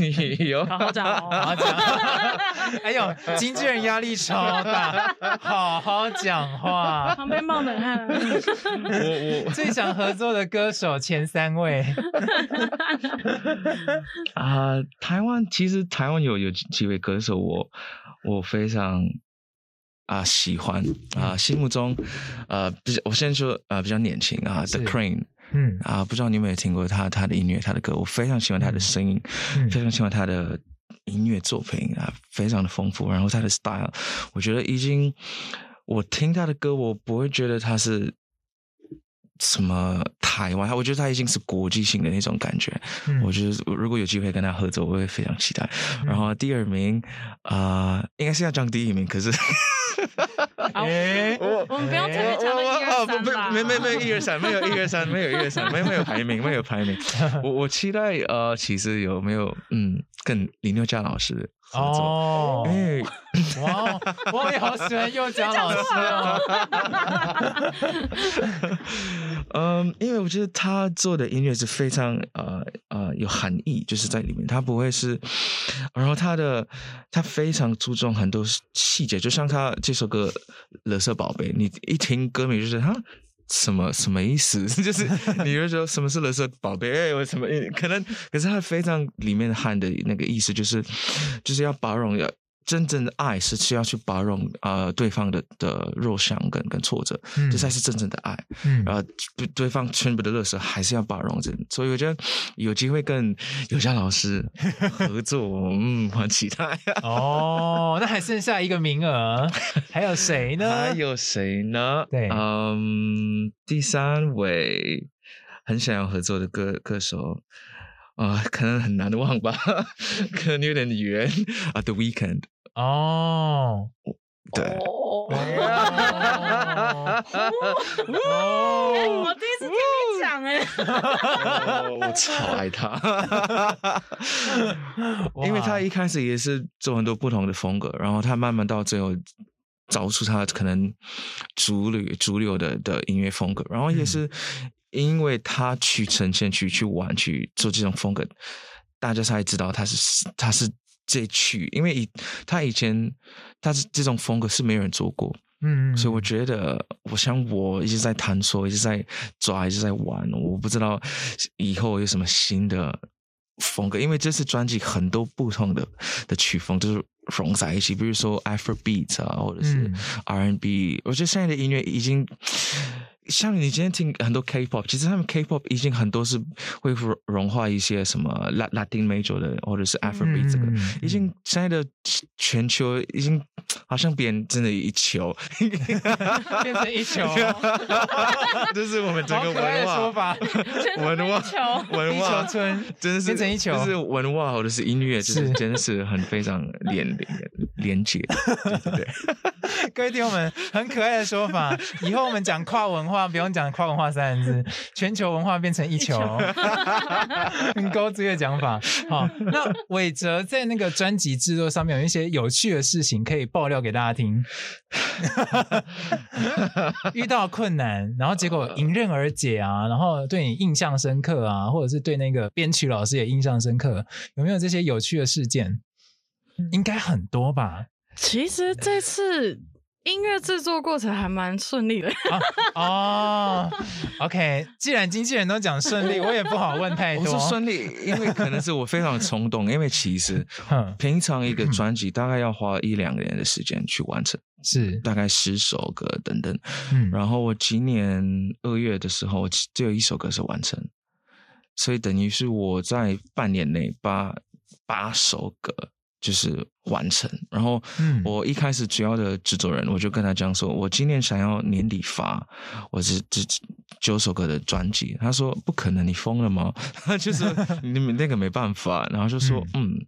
你有，好好講、哦，好好講。哎呦，
經紀人壓力超大， 好好講話。
旁邊冒冷汗。
我我最想合作的歌手前三位。
啊、 呃，台灣其實台灣有有幾位歌手我，我我非常。啊，喜歡啊，心目中，呃，比較，我現在說啊，比較年輕啊，The Crane 嗯，啊，不知道你有沒有聽過他他的音樂，他的歌，我非常喜歡他的聲音，嗯、非常喜歡他的音樂作品啊，非常的豐富，然後他的 style，我覺得已經，我聽他的歌，我不會覺得他是。什麼台灣？我覺得他已經是國際性的那種感覺。我覺得如果有機會跟他合作，我會非常期待。然後第二名啊，應該是要降第一名，可是，我，我
們不要特別講那
不，一二沒沒沒一二三，沒有一二三，沒有一二三，沒有沒有排名，沒有排名。我，我期待呃，其實有沒有嗯，跟林宥嘉老師。哦，欸、哇哦！我也好喜歡宥嘉老師哦。嗯，因為我覺得他做的音樂是非常呃呃有含義，就是在裡面他不會是，然後他的他非常注重很多細節，就像他這首歌《垃圾寶貝》，你一聽歌名就是他。什麼什麼意思？就是你就說什麼是人生寶貝、哎？我什麼意思可能？可是他非常裡面含的那個意思、就是，就是就是要包容要。真正的愛是需要去包容啊、呃，對方的的弱項跟跟挫折，這才、嗯、是真正的愛。啊、嗯，然後對方全部的劣勢還是要包容的。所以我覺得有機會跟宥嘉老師合作， 嗯，我很期待。哦 ，oh,
那還剩下一個名額，
還有誰呢？還有誰呢？對，嗯，um, 第三位很想要合作的歌歌手啊，uh, 可能很難忘吧， 可能有點遠啊、 uh,，The Weekend。哦，oh, 對，哦，
哦，
我第一次聽你講哎，我超愛他， 因為他一開始也是做很多不同的風格，然後他慢慢到最後找出他可能主流主流的的音樂風格，然後也是因為他去呈現去去玩去做這種風格，大家才知道他是他是。這曲，因為以他以前他是這種風格是沒有人做過，嗯，所以我覺得，我想我一直在探索，一直在抓，一直在玩，我不知道以後有什麼新的風格，因為這次專輯很多不同的的曲風，就是融在一起，比如說 Afrobeat 啊，或者是 R&B，嗯，我覺得現在的音樂已經。像你今天聽很多 K-pop，其實他們 K-pop 已經很多是恢復融化一些什麼拉拉丁 Major 的，或者是 Afrobeat 這個，嗯、已經現在的全球已經好像變真的，一球變成一球，這 是我們整個文化說法，文化真的一球文化，文化一球村，真的是變成一球，是文化，或、就、者是音樂，就是真的是很非常連連連接是， 對，對，
對各位聽我們很可愛的說法，以後我們講跨文化。不用講跨文化三個字，全球文化變成一球，一球 很高級的講法。好，那韋喆在那個專輯制作上面有一些有趣的事情可以爆料給大家聽。 遇到困難，然後結果迎刃而解啊，然後對你印象深刻啊，或者是對那個編曲老師也印象深刻，有沒有這些有趣的事件？嗯、應該很多吧。
其實這次。音樂製作過程還蠻順利的
哦， 哦。OK，既然經紀人都講順利，我也不好問太多。是順利，因為可能是我
非常衝動。 因為其實平常一個專輯大概要花一兩年的時間去完成，是大概十首歌等等。嗯，然後我今年二月的時候，我只有一首歌是完成，所以等於是我在半年內把八，八首歌就是。完成。然後我一開始主要的制作人，我就跟他講說：“嗯、我今年想要年底發我這這九首歌的專輯。”他說：“不可能，你瘋了嗎？”他就是 你們那個沒辦法。然後就說：“嗯，嗯，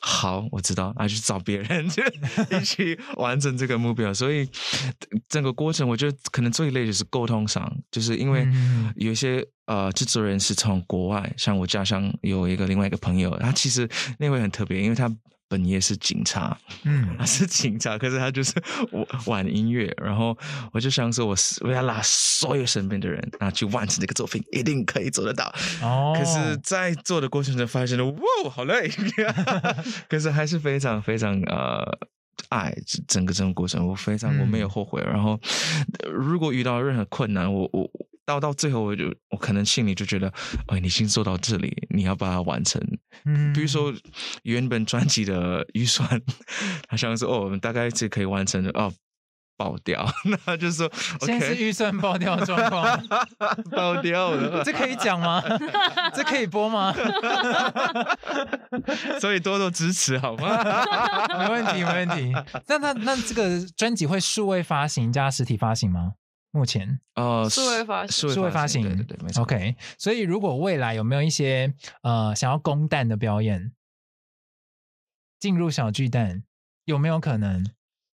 好，我知道啊，去找別人去一起完成這個目標。”所以整個過程，我覺得可能最累類就是溝通上，就是因為有一些、嗯、呃制作人是從國外，像我家鄉有一個另外一個朋友，他其實那位很特別，因為他。本業是警察，嗯，他是警察，可是他就是玩音樂。然後我就想說，我我要拉所有身邊的人啊，去完成這個作品，一定可以做得到。哦，可是，在做的過程中，發現了，哇，好累。 可是還是非常非常呃，愛整個這個過程，我非常、嗯、我沒有後悔。然後，如果遇到任何困難，我我到到最後，我就我可能心裡就覺得，哎，你先做到這裡，你要把它完成。比如說，原本專輯的預算，他想說哦，我們大概是可以完成的哦，爆掉，那就是說，現在是預
算爆掉的狀況，爆掉了，這可以講嗎？這可以播嗎？
所以多多支持，好嗎？沒問題，沒問題。
那那那這個專輯會數位發行加實體發行嗎？目前，呃，數位發行，數位發行，對對對，沒錯，OK，所以如果未來有沒有一些呃想要攻蛋的表演，進入小巨蛋，有沒有可能？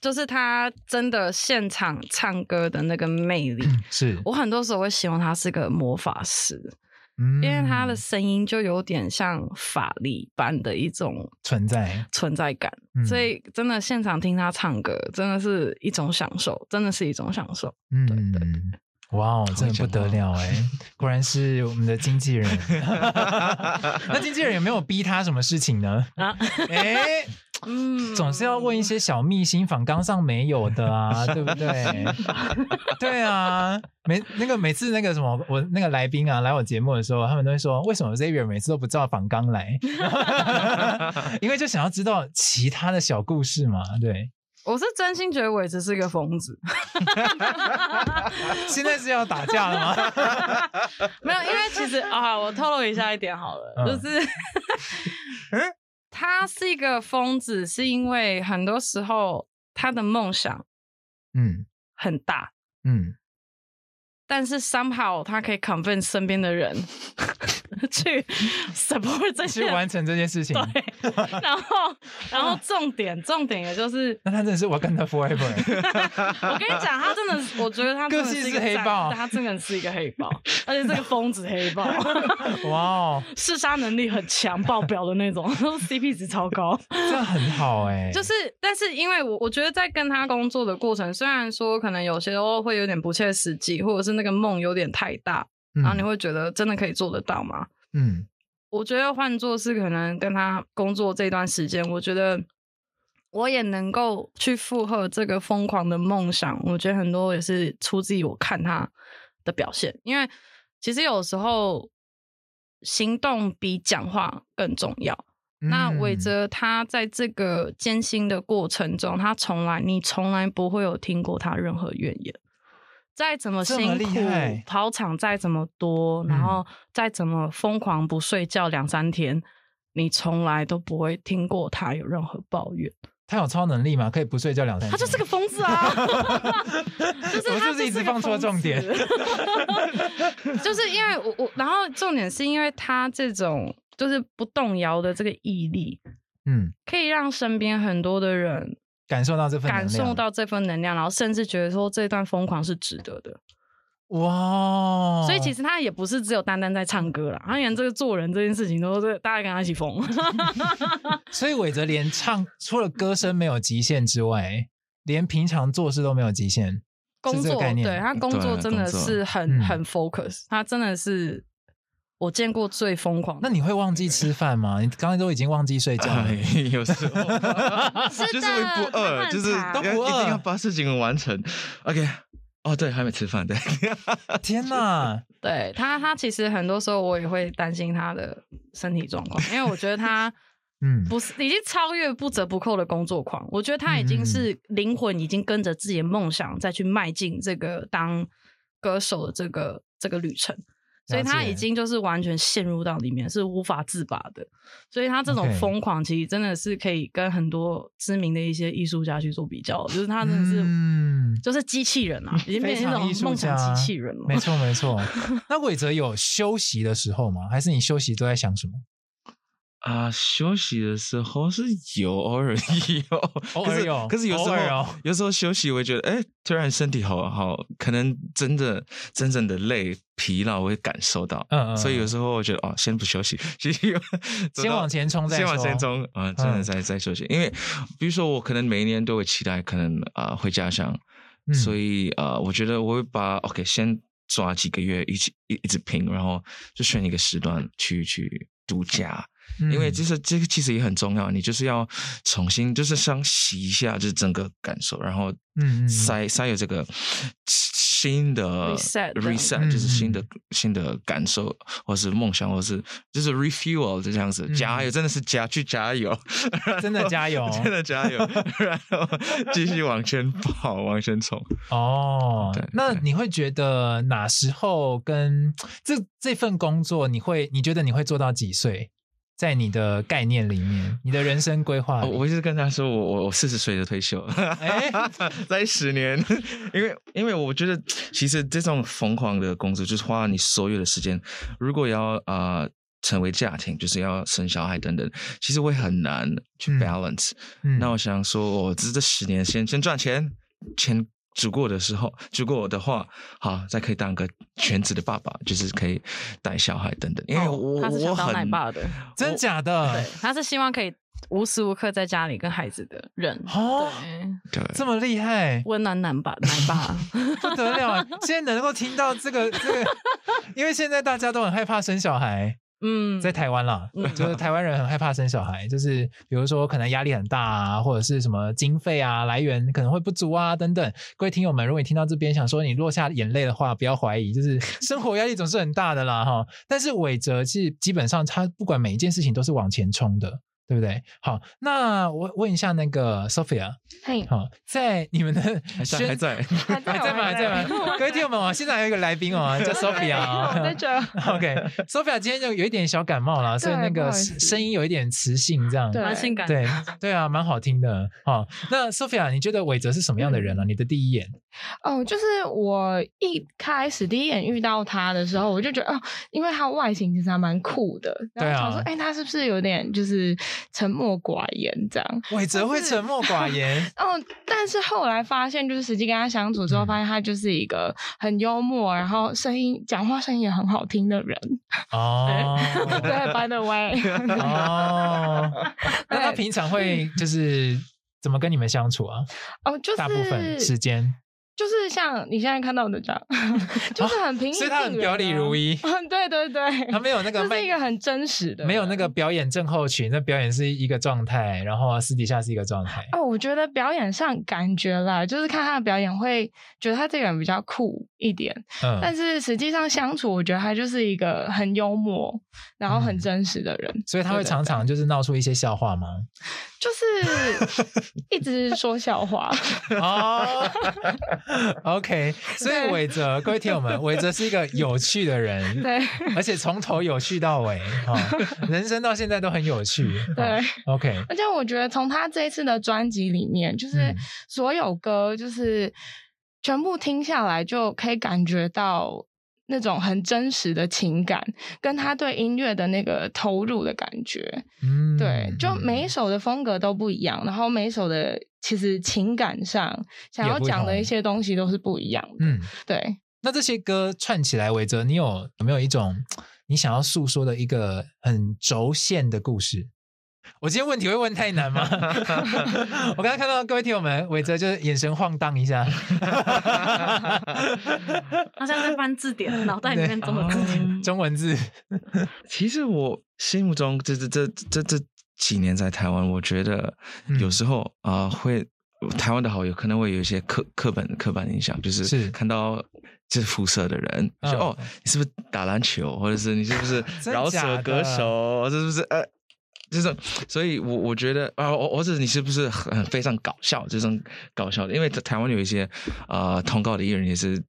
就是他真的現場唱歌的那個魅力，是我很多時候會希望他是個魔法師，嗯，因為他的聲音就有點像法力般的一種
存在，嗯，
存在感，所以真的現場聽他唱歌，真的是一種享受，真的是一種享受，嗯
對對，對。哇哦，wow, 真的不得了哎！果然是我們的經紀人。
那經紀人
有沒有逼他什麼事
情呢？
哎、啊，欸、嗯，
總是要問一些小秘辛，訪綱上沒有的啊，對不對？ 對啊，每那個每次那個什麼，我那個來賓啊來我節目的時候，他們都會說，為什麼 Xavier 每次都不知道訪綱來？ 因為就想要知道其他的小故事嘛，對。
我是真心覺得韋喆是一個瘋子。 現在是要打架了嗎？ 沒有，因為其實 啊，我透露一下一點好了，嗯、就是， 他是一個瘋子，是因為很多時候他的夢想
嗯，
嗯，很大，嗯。但是 somehow 他可以 convince 身邊的人 去 support 這些去完成這件事情。對， 然後然後重點、啊、重點也就是
那他真的是 Wakanda Forever。 我跟你講，
他真的，我覺得他個性是一個，個是黑豹，他真的是一個黑豹， 而且是個瘋子黑豹。哇 哦 Wow！嗜殺能力很強，爆表的那種
，CP 值超高，這很好哎、欸。就
是，但是因為我我覺得在跟他工作的過程，雖然說可能有些時候會有點不切實際，或者是、那個這個夢有點太大，嗯、然後你會覺得真的可以做得到嗎？嗯，我覺得換作是可能跟他工作這段時間，我覺得我也能夠去附和這個瘋狂的夢想。我覺得很多也是出自於我看他的表現，因為其實有時候行動比講話更重要。嗯、那韋喆他在這個艱辛的過程中，他從來你從來不會有聽過他任何怨言、言。再怎麼辛苦，這麼厲害。跑場再怎麼多，然後再怎麼瘋狂不睡覺兩三天，嗯、你從來都不會聽過他有任何抱怨。
他有超能力嗎？可以不睡覺兩三天？他
就是個瘋子啊！我就是一直放錯重點。
就是因為我我，然後重點是因為他這種就是不動搖的這個毅力，嗯，可以讓身邊很多的人。
感受到這份，感受到
這份能量，能量，然後甚至覺得說，這段瘋狂是值得的，哇 Wow！所以其實他也不是只有單單在唱歌了，他連這個做人這件事情都是，大家跟他一起瘋。
所以韋喆連唱除了歌聲沒有極限之外， 連平常做事都沒有極限。工作這個概念對他工作真的是很、啊、很
focus，、嗯、他
真的是。我見過最瘋狂。那你會忘記吃飯嗎？你剛剛都已經忘
記睡覺了。哎，有
時候是會不餓， 就是都不餓，一定要
把事情完成。OK，哦、oh，對，還沒吃飯，對。 天哪、啊！
對他，他其實很多時候我也會擔心他的身體狀況，因為我覺得他 嗯，不是已經超越不折不扣的工作狂，我覺得他已經是靈魂已經跟着自己的夢想再去邁進這個當歌手的這個這個旅程。了所以他已經就是完全陷入到裡面，是無法自拔的。所以他這種瘋狂，其實真的是可以跟很多知名的一些藝術家去做比較，就是他真的是，嗯、就是機器人啊，已經變成一種夢想機器人了。沒錯，
沒錯。 那韋喆有休息的時候嗎？還是你休息都在想什麼？
啊、呃，休息的時候是有偶爾有，可是偶爾有，可是有時候、哦、有時候休息，我會覺得，哎、欸，突然身體好好，可能真的真正的累疲勞，我會感受到。嗯，嗯，所以有時候我覺得哦，先不休息，先往前衝，再往前衝啊！真的再衝、嗯、再，再休息，因為比如說我可能每一年都會期待，可能啊、呃、回家鄉，嗯、所以啊、呃，我覺得我會把 OK 先抓幾個月一起一一,一直拼，然後就選一個時段去、嗯、去，去度假。因為就是這個其實也很重要，你就是要重新就是想洗一下就是整個感受，然後塞塞有這個新的 reset，reset 就是新的新的感受，或是夢想，或是就是 refuel 就這樣子加油，嗯、真的是加去加油，
真的加
油，真的加油， 然後繼續往前跑，往前衝。
哦、oh, 對，那你會覺得哪時候跟這對這份工作，你會你覺得你會做到幾歲？在你的概念裡
面，你的人生規劃、哦，我就是跟他說，我我我四十歲就退休，再、欸、 十年，因為因為我覺得其實這種瘋狂的工作就是花你所有的時間，如果要啊、呃、成為家庭，就是要生小孩等等，其實會很難去 balance、嗯。嗯、那我想說，我、哦、這這十年先先賺錢，錢。煮過的時候，煮過我的話，好，再可以當個全職的爸爸，就是可以帶小孩等等。因為、哦、我爸的我很真的假的？對，
他是希望可以無時無刻在家裡跟孩子的人。哦，對，對，這麼厲害，溫暖男爸，奶爸 不得了啊！現在能夠聽到這個這
個，因為現在大家都很害怕生小孩。嗯，在台灣啦，就是台灣人很害怕生小孩， 就是比如說可能壓力很大啊，或者是什麼經費啊來源可能會不足啊等等。各位聽友們，如果你聽到這邊想說你落下眼淚的話，不要懷疑，就是生活壓力總是很大的啦哈。但是韋喆是基本上他不管每一件事情都是往前衝的。對不對？好，那我問一下那個 Sophia，嘿，好，在你們的還在還在嗎？還在嗎？各位聽友們，現在還有一個來賓哦，叫 Sophia。在 OK，Sophia 今天就有一點小感冒了，所以那個聲音有一點磁性，這樣對對性感，對啊，蠻好聽的啊。那 Sophia，你覺得韋喆是什麼樣的人啊？你的第一眼
哦，就是我一開始第一眼遇到他的時候，我就覺得哦，因為他外形其實還蠻酷的，對啊，我說哎，他是不是有點就是。沉默寡言這樣，韋
喆會沉默寡言？
哦、嗯，但是後來發現，就是實際跟他相處之後，發現他就是一個很幽默，嗯、然後聲音講話聲音也很好聽的人。
哦，對，by the way。 對
哦， 那他平常會就是怎麼跟你們相處啊？
哦，就是大部分時間。就是像你現在看到的這樣， 就是很平、啊哦，所以他很表裡如一。 對對對，他沒有那個，他是一個很真實的，沒
有那個表演症候群。那表演是一個狀態，然後私底下是一個狀態。
哦，我覺得表演上感覺啦，就是看他的表演會覺得他這個人比較酷一點。嗯、但是實際上相處，我覺得他就是一個很幽默，然後很真實的人。嗯、所以他會常
常就是鬧出一些笑話嗎？對
對對，就是一直說笑話，哦。
OK，所以韋喆對各位聽友們，韋喆是一個有趣的人， 對，而且從頭有趣到尾，哈、哦，人生到現在都很有趣， 哦、對，OK，而
且我覺得從他這一次的專輯裡面，就是所有歌，就是全部聽下來，就可以感覺到。那種很真實的情感，跟他對音樂的那個投入的感覺，嗯，對，就每一首的風格都不一樣，然後每一首的其實情感上想要講的一些東西都是不一樣的，嗯，對。
那這些歌串起來韋喆，你有有沒有一種你想要訴說的一個很軸線的故事？我今天問題會問太難嗎？ 我剛剛看到各位聽友們韋喆就是眼神晃蕩一
下，
他現在在翻字典，腦袋裡面
中文字、呃，中文字。其實我心目中這這這這這幾年在台灣，我覺得有時候啊、嗯呃，會台灣的好友可能會有一些刻課本、刻板印象，就是看到這膚色的人，哦說對哦，你是不是打籃球，或者是你是不是饒舌歌手，啊、是不是？呃。就是，所以我我覺得啊，我覺得、啊、我覺得你是不是很非常搞笑？這種搞笑的，因為在台灣有一些啊、呃、通告的藝人也是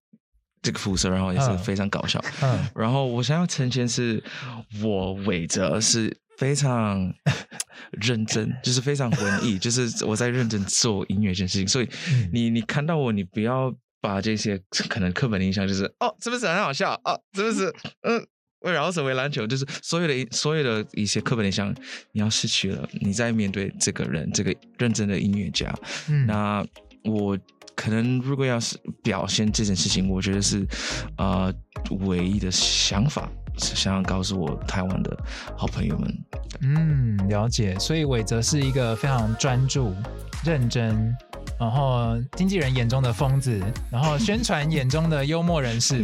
這個膚色，然後也是非常搞笑。嗯嗯、然後我想要澄清，是我韋喆是非常認真， 就是非常文藝，就是我在認真做音樂這件事情。所以你你看到我，你不要把這些可能刻板的印象，就是哦，是不是很好笑啊？哦，是不是，嗯？為饒成為籃球，就是所有的、所有的一些刻板印象你要失去了，你在面對這個人、這個認真的音樂家。嗯、那我可能如果要是表現這件事情，我覺得是啊、呃，唯一的想法，想要告訴我台灣的好朋友們。嗯，了解。
所以韋喆是一個非常專注、認真。然後經紀人眼中的瘋子，然後宣傳眼中的幽默人士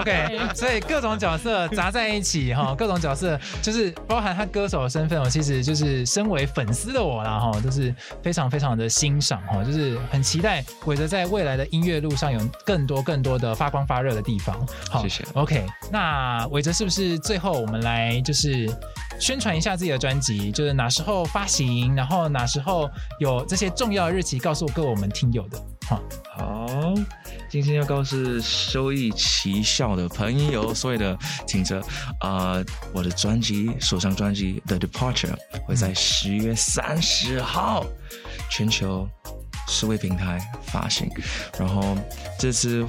，OK，所以各種角色砸在一起哈，各種角色就是包含他歌手的身份，我其實就是身為粉絲的我啦哈，就是非常非常的欣賞哈，就是很期待韋喆在未來的音樂路上有更多更多的發光發熱的地方。好，謝謝。OK，那韋喆是不是最後我們來就是？宣傳一下自己的專輯，就是哪時候發行，然後哪時候有這些重要的日期，告訴各位。我們聽友的。
嗯、好，今天要告訴收益奇效的朋友，所有的聽着啊、呃，我的專輯首張專輯《The Departure》會在十月三十號、嗯、全球數位平台發行，然後這次。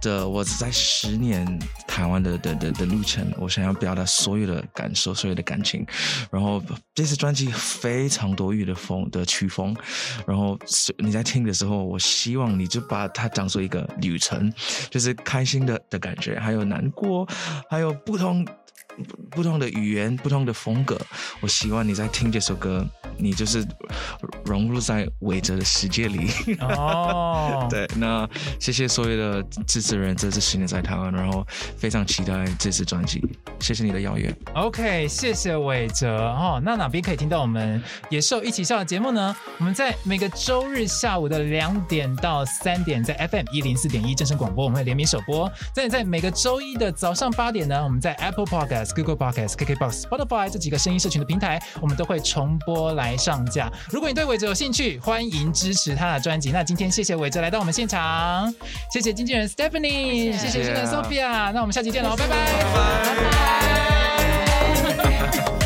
的我在十年台灣的，的的的的路程，我想要表達所有的感受，所有的感情。然後這次專輯非常多樣的風的曲風，然後你在聽的時候，我希望你就把它當做一個旅程，就是開心的的感覺，還有難過，還有不同不同的語言，不同的風格。我希望你在聽這首歌。你就是融入在韋喆的世界裡哦。
Oh.
對，那謝謝所有的支持人，這次十年在台灣，然後非常期待這次專輯。謝謝你的邀約。
OK，謝謝韋喆哦。Oh, 那哪邊可以聽到我們《野獸一起笑》的節目呢？我們在每個周日下午的兩點到三點，在 FM 一零四點一正聲廣播，我們會聯名首播。在在每個周一的早上八點呢，我們在 Apple Podcast、Google Podcast、KKBox、Spotify 這幾個聲音社群的平台，我們都會重播來。來上架！如果你對韋喆有興趣，歡迎支持他的專輯。那今天謝謝韋喆來到我們現場，謝謝經紀人 Stephanie，Thank you. 謝謝經紀人 Sophia。那我們下期見嘍，Thank you. 拜拜，拜拜。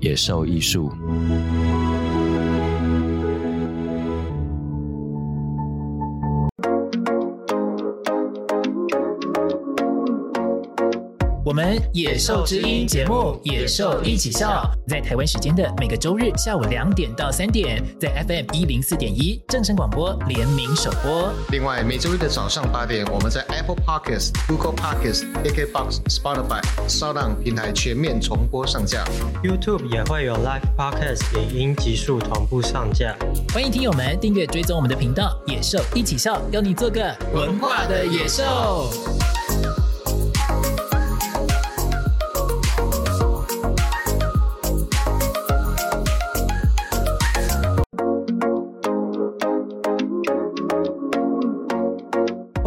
野獸藝術。
我們《野獸之音》節目《野獸一起笑》，在台灣時間的每個周日下午兩點到三點，在 FM 一零四點一正聲廣播聯名首播。另外，每周日的早上八點，我們在 Apple p o c k s t s Google p o c k s t s A K Box、Spotify、s o
u d On 平台全面重播上架。YouTube 也會有 Live p o c k s t 聯音極速同步上架。
歡迎聽友們訂閱追蹤我們的頻道《野獸一起笑》，邀你做個
文化的野獸。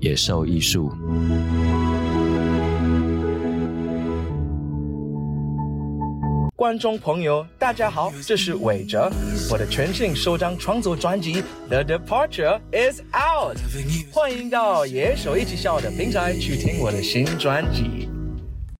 野獸藝術，
觀眾朋友，大家好，這是韋哲，我的全新首張創作專輯《The Departure is out》，歡迎到野獸一起笑的平台去聽我的新專輯。